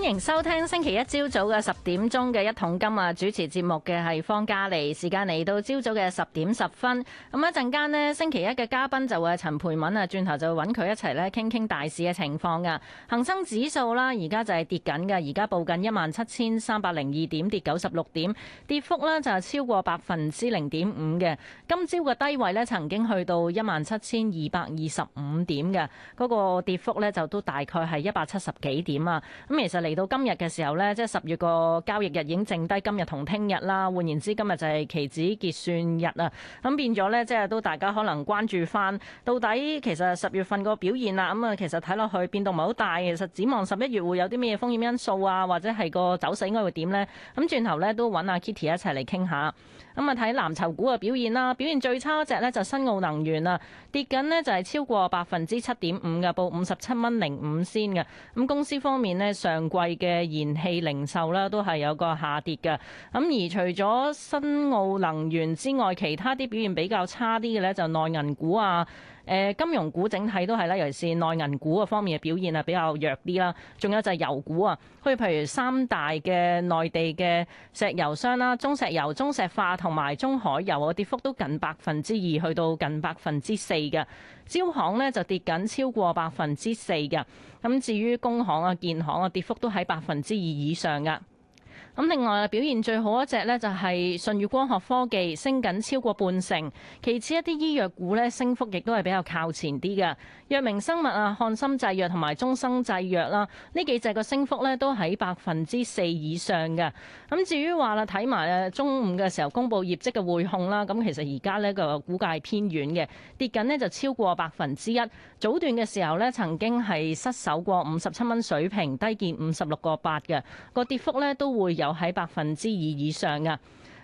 歡迎收聽星期一朝早嘅十點鐘嘅一桶金啊！主持節目嘅係方嘉莉，時間嚟到朝早嘅十點十分。咁一陣間呢，星期一嘅嘉賓就會係陳蓓敏啊，轉頭就會揾佢一齊咧傾傾大市嘅情況噶。恒生指數啦，而家就係跌緊嘅，而家報緊一萬七千三百零二點，跌九十六點，跌幅呢就係超過百分之零點五嘅。今朝嘅低位呢，曾經去到一萬七千二百二十五點嘅，嗰個跌幅呢，就都大概係一百七十幾點啊。咁其實嚟嚟到今日嘅時候咧，即係十月個交易日已經剩低今日同聽日啦。換言之，今日就係期指結算日啊。咁變咗咧，即係都大家可能關注翻，到底其實十月份個表現啦，咁、嗯、啊其實睇落去變動唔係好大。其實展望十一月會有啲咩風險因素啊，或者係個走勢應該會點咧？咁轉頭咧都揾阿 Kitty 一齊嚟傾下。咁啊睇藍籌股嘅表現啦，表現最差嗰隻咧就新奧能源啊，跌緊咧就係超過百分之七點五嘅，報五十七蚊零五仙嘅。咁公司方面咧上。嘅燃氣零售啦，都係有個下跌嘅。咁而除咗新奧能源之外，其他啲表現比較差啲嘅咧，就內銀股啊。誒金融股整體都係啦，尤其是內銀股方面嘅表現啊比較弱啲啦。仲有就係油股啊，譬如三大嘅內地嘅石油商啦，中石油、中石化同埋中海油嘅跌幅都近百分之二，去到近百分之四嘅。招行呢就跌緊超過百分之四嘅。咁至於工行啊、建行啊，跌幅都喺百分之二以上嘅。咁另外啊，表現最好一隻呢就係舜宇光學科技，升緊超過半成。其次一啲醫藥股咧，升幅亦都係比較靠前啲嘅，藥明生物啊、漢森製藥同埋中生製藥啦，呢幾隻個升幅咧都喺百分之四以上嘅。咁至於話啦，睇埋中午嘅時候公佈業績嘅滙控啦，咁其實而家呢個股價係偏軟嘅，跌緊呢就超過百分之一。早段嘅時候呢，曾經係失守過五十七蚊水平，低見五十六個八嘅個跌幅呢都會有喺百分之二以上㗎。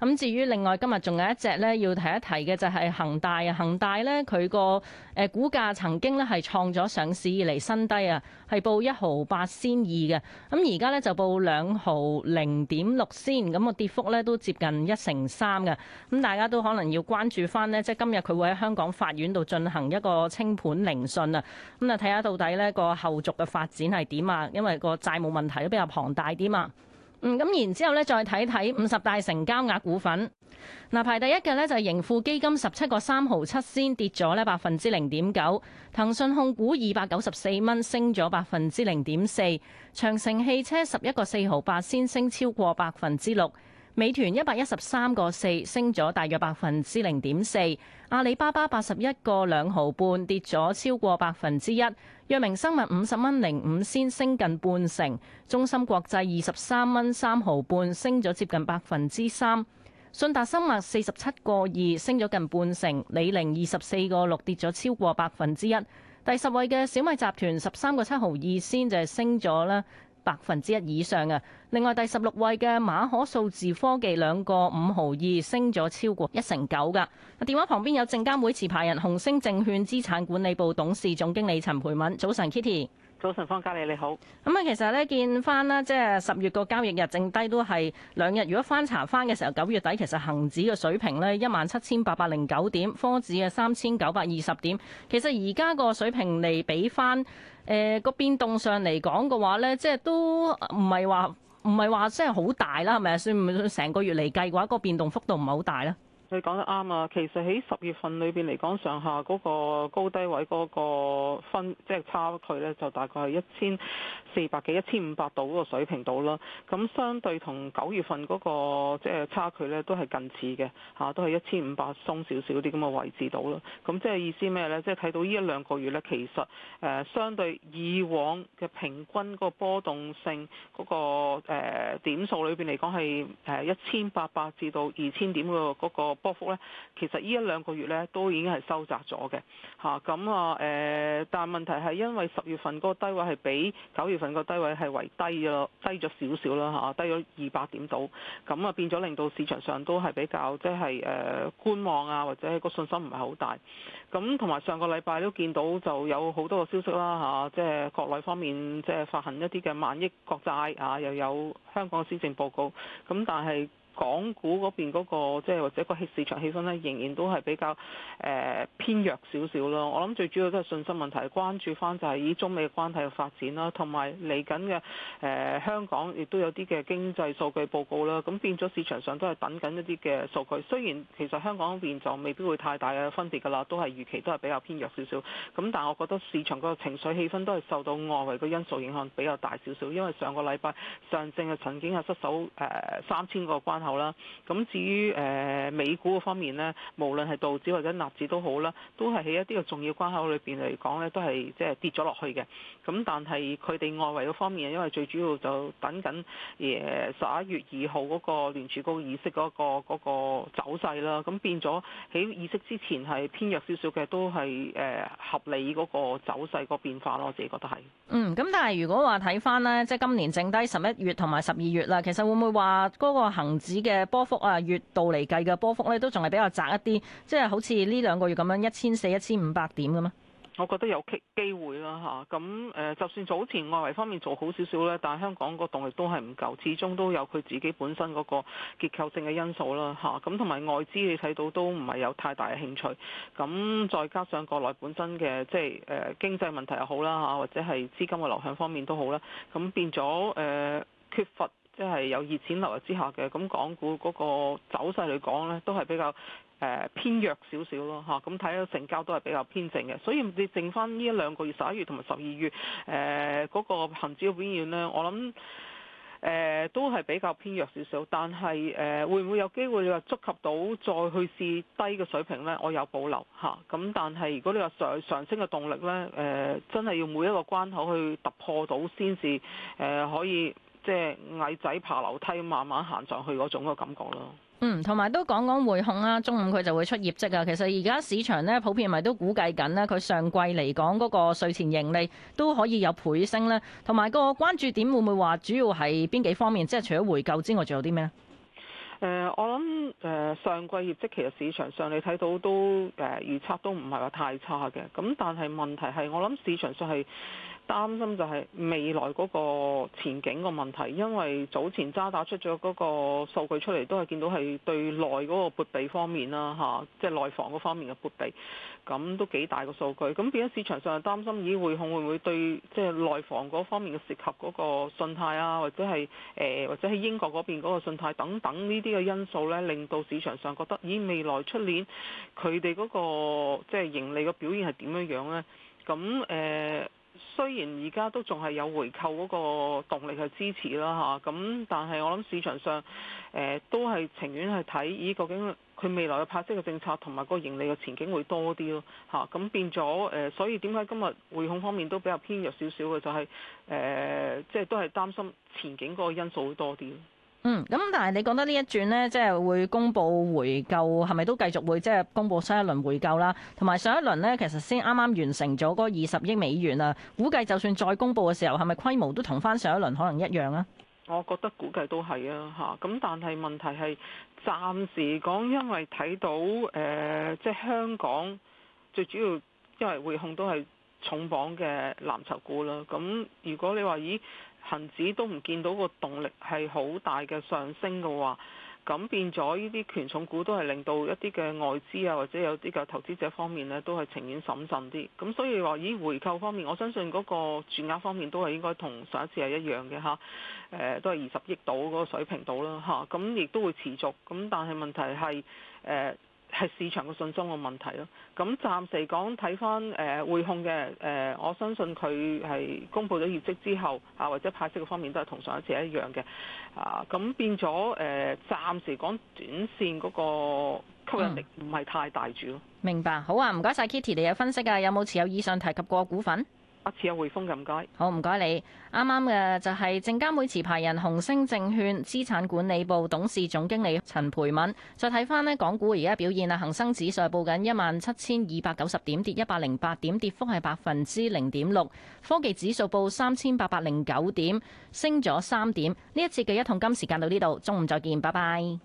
咁至於另外今日仲有一隻呢，要提一提嘅就係恒大啊。恒大呢，佢個誒股價曾經咧係創咗上市以嚟新低啊，係報一毫八仙二嘅。咁而家呢，就報兩毫零點六仙。咁個跌幅呢，都接近一成三嘅。咁大家都可能要關注翻呢，即係今日佢會喺香港法院度進行一個清盤聆訊啊。咁啊，睇下到底呢個後續嘅發展係點啊，因為個債務問題都比較龐大啲嘛。嗯，咁然之後咧，再睇睇五十大成交額股份。嗱，排第一嘅咧就係盈富基金十七個三毫七仙，跌咗咧百分之零點九。騰訊控股二百九十四蚊，升咗百分之零點四。長城汽車十一個四毫八仙，升超過百分之六。美團一百一十三個四，升咗大約百分之零點四；阿里巴巴八十一個兩毫半，跌咗超過百分之一；藥明生物五十蚊零五仙，升近半成；中芯國際二十三蚊三毫半，升咗接近百分之三；信達生物四十七個二，升咗近半成；李寧二十四個六，跌咗超過百分之一；第十位嘅小米集團十三個七毫二仙就係升咗啦百分之一以上嘅。另外第十六位嘅馬可數字科技，兩個五毫二，升咗超過一成九噶。電話旁邊有證監會持牌人，紅星證券資產管理部董事總經理陳蓓敏。早晨，Kitty。早晨，方嘉莉你好。咁啊，其實呢見翻啦，即係十月個交易日，剩低都係兩日。如果翻查翻嘅時候，九月底其實恒指嘅水平呢，一萬七千八百零九點，科指嘅三千九百二十點。其實而家個水平嚟比翻，誒、呃、個變動上嚟講嘅話呢，即係都唔係話。唔係話真係好大啦，係咪啊？算唔算成個月嚟計嘅話，個變動幅度唔係好大咧。你講得啱啊！其實喺十月份裏邊嚟講，上下嗰個高低位嗰個分即係、就是、差距呢，就大概係一千四百幾、一千五百度嗰個水平度啦。咁相對同九月份嗰、那個即係、就是、差距呢，都係近似嘅吓，都係一千五百鬆少少啲咁嘅位置度啦。咁即係意思咩呢？即係睇到呢一兩個月呢，其實誒相對以往嘅平均嗰個波動性嗰、那個誒、呃、點數裏邊嚟講係誒一千八百至到二千點嘅嗰、那個。波幅呢，其實呢一兩個月呢都已經係收窄咗嘅，嚇咁啊誒，但係問題係因為十月份個低位係比九月份個低位係為低咗，低咗少少啦嚇，低咗二百點到，咁啊變咗令到市場上都係比較即係誒觀望啊，或者個信心唔係好大，咁同埋上個禮拜都見到就有好多個消息啦嚇，即係國內方面即係發行一啲嘅萬億國債啊，又有香港嘅施政報告，咁但係。港股嗰邊嗰、嗰個即係或者個市場氣氛咧，仍然都係比較誒、呃、偏弱少少咯。我諗最主要都係信心問題，關注翻就係以中美嘅關係嘅發展啦，同埋嚟緊嘅誒香港亦都有啲嘅經濟數據報告啦。咁變咗市場上都係等緊一啲嘅數據，雖然其實香港嗰邊就未必會太大嘅分別噶啦，都係預期都係比較偏弱少少。咁但係我覺得市場個情緒氣氛都係受到外圍嘅因素影響比較大少少，因為上個禮拜上證係曾經係失守誒三千個關。後啦，咁至於誒美股方面呢，無論係道指或者納指都好啦，都係喺一啲嘅重要關口裏邊嚟講呢都係即係跌咗落去嘅。咁但係佢哋外圍嘅方面，因為最主要就等緊誒十一月二號嗰個聯儲局議息嗰個走勢啦。咁變咗喺議息之前係偏弱少少嘅，都係誒合理嗰個走勢個變化咯。我自己覺得係。嗯，咁但係如果話睇返呢，即係今年剩低十一月同埋十二月啦，其實會唔會話嗰個恆指，指嘅波幅啊，月度嚟計嘅波幅咧，都仲係比較窄一啲，即係好似呢兩個月咁樣一千四、一千五百點咁樣。1, 4, 1, 5, 我覺得有機會啦吓，咁、啊、誒就算早前外圍方面做好少少咧，但係香港個動力都係唔夠，始終都有佢自己本身嗰個結構性嘅因素啦吓，咁同埋外資你睇到都唔係有太大嘅興趣，咁、啊、再加上國內本身嘅即係誒經濟問題又好啦吓、啊，或者係資金嘅流向方面都好啦，咁、啊、變咗誒、呃、缺乏。.即係有熱錢流入之下嘅，咁港股嗰個走勢嚟講呢，都係比較誒偏弱少少咯嚇。咁睇到成交都係比較偏靜嘅，所以你剩翻呢一兩個月十一月同埋十二月誒嗰個恆指嘅表現呢，我諗誒都係比較偏弱少少，那個呃。但係誒、呃、會唔會有機會你話觸及到再去試低嘅水平呢？我有保留嚇。咁、啊、但係如果你話上上升嘅動力呢，誒、呃、真係要每一個關口去突破到先至誒可以。即係矮仔爬樓梯，慢慢行上去嗰種感覺咯。嗯，同埋都講講匯控啦，中午佢就會出業績啊。其實而家市場咧，普遍咪都估計緊咧，佢上季嚟講嗰個稅前盈利都可以有倍升咧。同埋個關注點會唔會話主要係邊幾方面？即係除咗回購之外，仲有啲咩咧？誒，我諗誒上季業績其實市場上你睇到都誒預測都唔係話太差嘅，咁但係問題係我諗市場上係擔心就係未來嗰個前景個問題，因為早前渣打出咗嗰個數據出嚟，都係見到係對內嗰個撥備方面啦，嚇，即係內房嗰方面嘅撥備。咁都幾大個數據，咁變咗市場上擔心，以匯控會唔會對即係內房嗰方面嘅涉及嗰個信貸啊，或者係誒、呃、或者喺英國嗰邊嗰個信貸等等呢啲嘅因素呢，令到市場上覺得，咦未來出年佢哋嗰個即係、就是、盈利嘅表現係點樣樣呢？咁誒、呃，雖然而家都仲係有回購嗰個動力去支持啦嚇，咁、啊、但係我諗市場上誒、呃、都係情願去睇，咦、呃、究竟？佢未來嘅派息嘅政策同埋個盈利嘅前景會多啲咯，嚇，咁變咗誒，所以點解今日匯控方面都比較偏弱少少嘅，就係、是、誒，即、呃、係、就是、都係擔心前景嗰個因素會多啲。嗯，咁但係你覺得呢一轉呢，即係會公布回購，係咪都繼續會即係公布新一輪回購啦？同埋上一輪呢，其實先啱啱完成咗嗰二十億美元啊，估計就算再公布嘅時候，係咪規模都同翻上一輪可能一樣啊？我覺得估計都係啊，嚇、啊！咁但係問題係，暫時講，因為睇到誒、呃，即係香港最主要，因為匯控都係重磅嘅藍籌股啦。咁、啊、如果你話咦，恒指都唔見到個動力係好大嘅上升嘅話，咁變咗呢啲權重股都係令到一啲嘅外資啊，或者有啲嘅投資者方面呢，都係情願審慎啲。咁所以話，以回購方面，我相信嗰個轉額方面都係應該同上一次係一樣嘅嚇。誒，都係二十億到嗰個水平到啦嚇。咁亦都會持續。咁但係問題係誒，呃係市場嘅信心嘅問題咯。咁暫時講睇翻誒匯控嘅誒，我相信佢係公布咗業績之後啊，或者派息嘅方面都係同上一次一樣嘅。啊，咁變咗誒，暫時講短線嗰個吸引力唔係太大住咯。嗯。明白，好啊，唔該晒。Kitty，你有分析啊，有冇持有以上提及過股份？一次有滙豐就唔該，好唔該你啱啱嘅就係證監會持牌人鴻星證券資產管理部董事總經理陳蓓敏。再睇翻呢港股而家表現啦，恒生指數報緊一萬七千二百九十點，跌一百零八點，跌幅係百分之零點六。科技指數報三千八百零九點，升咗三點。呢一次嘅一桶金時間到呢度，中午再見，拜拜。